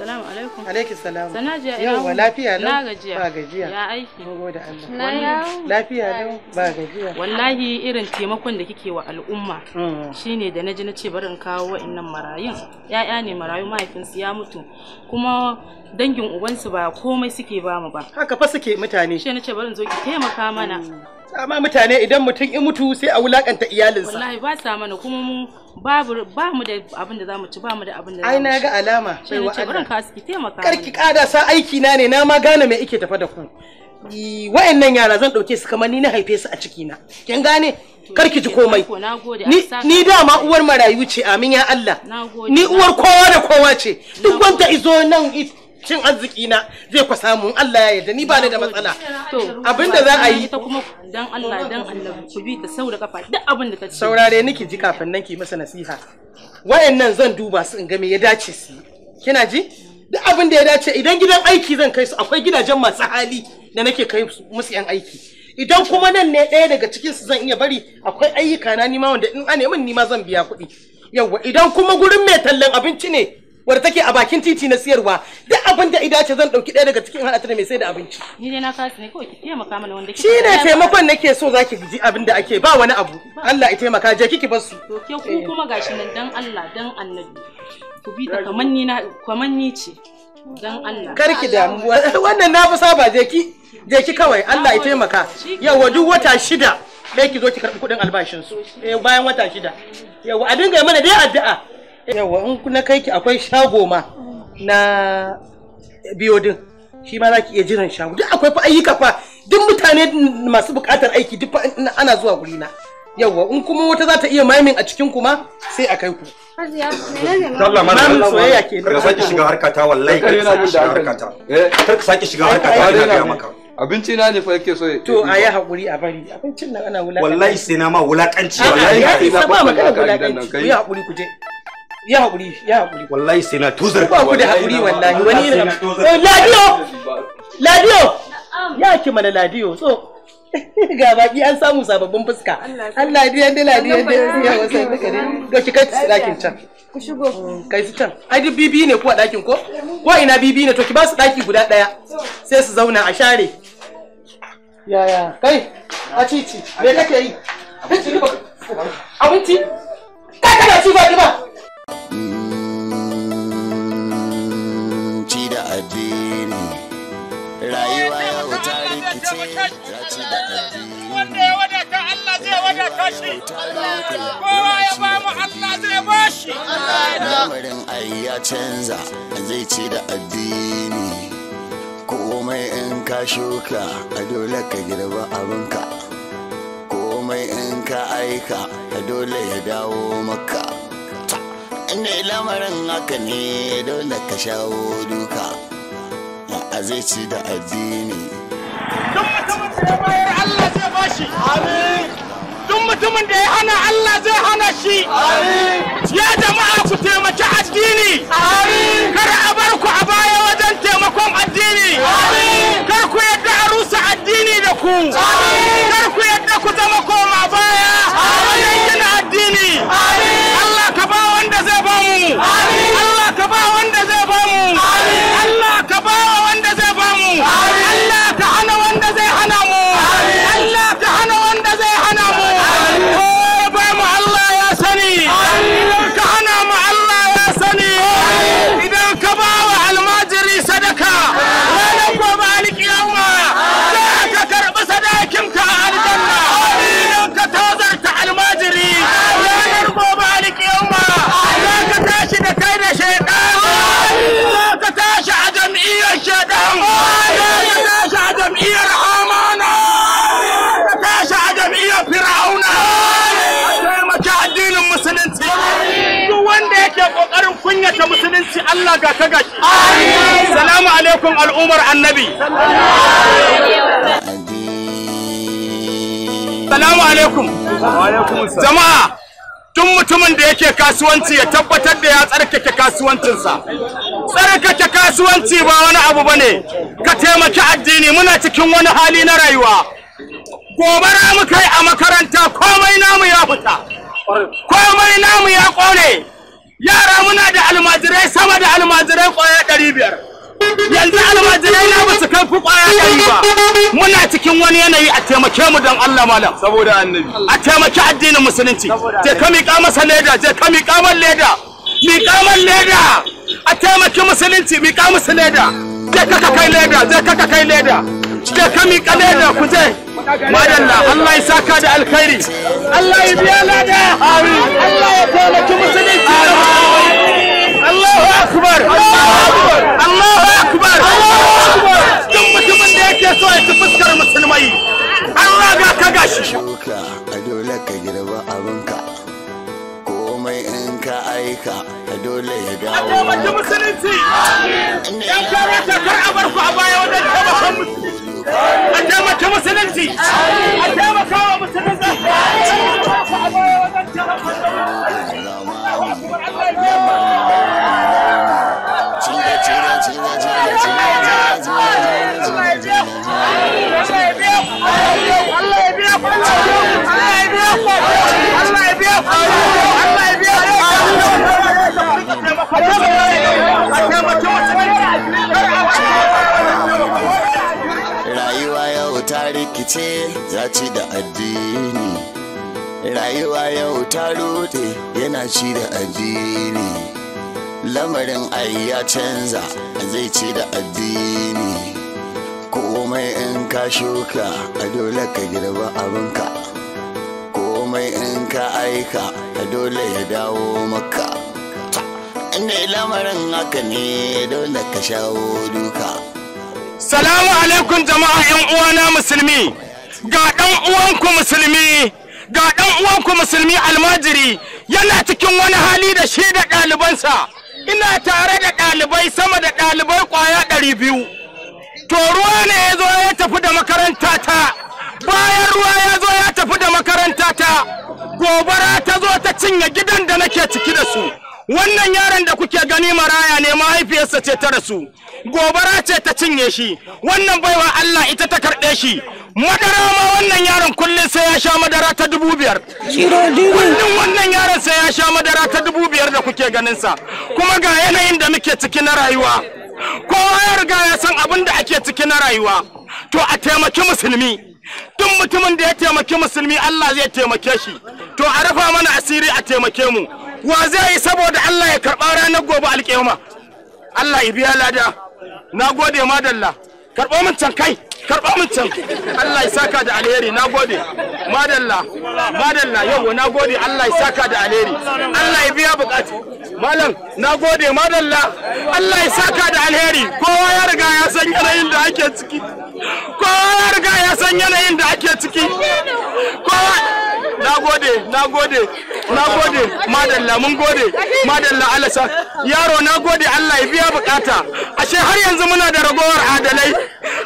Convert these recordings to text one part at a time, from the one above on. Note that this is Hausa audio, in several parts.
Assalamu alaikum. Alaikum salam. Sana jiya ina. Yawwa lafiya lau. Na gajiya. Ba gajiya. Ya aiki. Mun gode Allah. Na yawo. Lafiya lau ba gajiya. Wallahi irin taimakon da kike wa al'umma mm. shine da naji na ce barin kawo wa'annan marayun. Ya'ya ne marayu mahaifinsu ya mutu. Kuma dangin ubansu ba komai suke bamu ba. Haka fa suke mutane. Shi na ce bari zo ki taimaka mana. Mm. Sama mutane idan mutum in mutu sai a wulakanta iyalinsa. Wallahi ba sa mana kuma mu babu ba mu da abin da zamu ci ba mu da abin da Ai na ga alama. Sai wa Allah. Karki taimaka. Karki kada sa aiki na ne na ma gane me ike tafa da ku. Wa'annan yara zan dauke su kamar ni na haife su a ciki na. Kin gane? Karki ji komai. Ni dama uwar marayu ce amin ya Allah. Ni uwar kowa da kowa ce. Duk wanda izo nan cin arziki na zai kwa samu Allah ya yarda ni ba ni da matsala abinda za a yi ta kuma dan Allah dan Allah ku bi ta saura kafa duk abin ta ce saurare niki ji kafin nan ki masa nasiha wayannan zan duba su in ga me ya dace su kina ji duk abin da ya dace idan gidan aiki zan kai su akwai gidajen masu hali da nake kai musu yan aiki idan kuma nan ne ɗaya daga cikin su zan iya bari akwai ayyuka na nima wanda in an min nima zan biya kuɗi yawwa idan kuma gurin mai tallan abinci ne wadda take a bakin titi na siyarwa duk abin da ida ce zan dauki ɗaya daga cikin halatta mai sai da abinci ni ne na kasu ne kawai ki taimaka mana wanda kike shi ne taimakon nake so zaki ji abin da ake ba wani abu Allah ya taimaka je kiki bar su to ke ku eh. kuma gashi nan dan Allah dan Annabi ku bi ta kaman ni na kaman ni ce dan Allah kar ki damu wannan na fi saba je ki je ki kawai Allah ya taimaka yawa duk wata shida dai ki zo ki karbi kudin albashin su. Eh bayan wata shida yawa a dinga mana dai addu'a yawa in na kai ki akwai shago ma na din shi ma za ki iya jiran shago duk akwai fa ayyuka fa duk mutane masu buƙatar aiki duk ana zuwa guri na yawa in kuma wata za ta iya maimin a cikin kuma sai a kai ku Allah mana Allah soyayya ke ka saki shiga harka ta wallahi eh. ka saki shiga harka ta ka saki shiga harka ta ina ga maka abinci na ne fa yake so to a yi hakuri a bari abincin nan ana wulakanci wallahi sai na ma wulakanci wallahi sai na ba magana wulakanci ku yi hakuri ku je ya haƙuri ya haƙuri wallahi sai na tuzar ba ku da haƙuri wallahi wani irin eh, ladiyo ladiyo ya ki mana ladiyo so ga baki an samu sababbin fuska Allah ya dai ladiyo dai ya wasa da kare ga ki kai dakin can ku shigo mm, kai su can ai duk bibi ne ku a dakin ko ko ina bibi ne to ki ba su daki guda daya sai su zauna a share yaya kai a cici me kake yi abinci abinci kai kana ci ba ba bashi kowa ya ba mu Allah zai bashi lamarin ai ya canza zai ce da addini komai in ka shuka a dole ka girba abinka komai in ka aika a dole ya dawo maka inda lamarin haka ne dole ka shawo duka a zai ci da addini duk mutumin da ya bayar Allah zai bashi amin duk mutumin da ya hana Allah zai hana shi ya jama'a ku taimaki addini kar a bar ku a baya Allah ga ka gashi salamu alaikum al'ummar annabi salamu alaikum jama'a tun mutumin da yake kasuwanci ya tabbatar da ya tsarkake kasuwancinsa tsarkake kasuwanci ba wani abu bane ka taimaki addini muna cikin wani hali na rayuwa gobara mu kai a makaranta komai namu ya fita komai namu ya kone yara muna da almajirai sama da almajirai kwaya ɗari biyar yanzu almajirai na ba su kai fi kwaya ɗari ba muna cikin wani yanayi a taimake mu don Allah malam saboda annabi a taimake addinin musulunci je ka miƙa masa leda je ka miƙa man leda miƙa man leda a taimake musulunci miƙa musu leda je ka kai leda je ka kai leda je ka miƙa leda ku je madalla Allah ya saka da alkhairi Allah ya biya lada in ka aika ka dole ya dawo. A taimaki musulunci! ‘Yan ta kar a bar ku a baya wajen taimakon musulunci! A taimaki musulunci! A taimaka wa musulunci! A wa musulunci! ce ya ci da addini rayuwa yau ta rute yana ci da addini lamarin ai ya canza zai ci da addini komai in ka shuka a dole ka girba abinka komai in ka aika a dole ya dawo maka inda lamarin haka ne dole ka shawo duka salamu alaikum jama'a yan uwana musulmi ga dan uwanku musulmi ga dan uwanku musulmi almajiri yana cikin wani hali da shi da ɗalibansa ina tare da ɗalibai sama da ɗalibai kwaya ɗari biyu to ruwa ne ya zo ya tafi da makaranta ta bayan ruwa ya zo ya tafi da makaranta ta gobara ta zo ta cinye gidan da nake ciki da su wannan yaron da kuke gani maraya ne mahaifiyarsa ce ta rasu gobara ce ta cinye shi wannan baiwa Allah ita ta karɗe shi madara ma wannan yaron kullum sai ya sha madara ta dubu biyar kullum wannan yaron sai ya sha madara ta dubu biyar da kuke ganinsa kuma ga yanayin da muke ciki na rayuwa kowa ya riga ya san abin da ake ciki na rayuwa to a taimaki musulmi duk mutumin da ya taimaki musulmi Allah zai taimake shi to a rufa mana asiri a taimake mu wa zai yi saboda Allah ya karɓa ranar gobe alƙiyama Allah ya biya lada na gode madalla karɓo min can kai karɓo min can Allah ya saka da alheri na gode madalla madalla yau na gode Allah ya saka da alheri Allah ya biya buƙaci. malam na gode madalla Allah ya saka da alheri kowa ya riga ya san yanayin da ake ciki kowa ya riga ya san yanayin da ake ciki kowa na gode na gode na gode madalla mun gode madalla Allah sa yaro na gode Allah ya biya bukata ashe har yanzu muna da ragowar adalai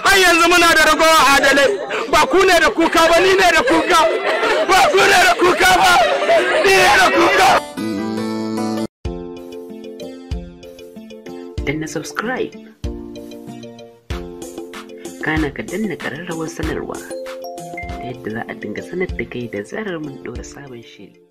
har yanzu muna da ragowar adalai ba ku ne da kuka ba ni ne da kuka ba ku ne da kuka ba ni ne da kuka danna subscribe kana ka danna kararrawar sanarwa ta yadda za a dinga sanar da kai da zarar mun ɗora sabon shiri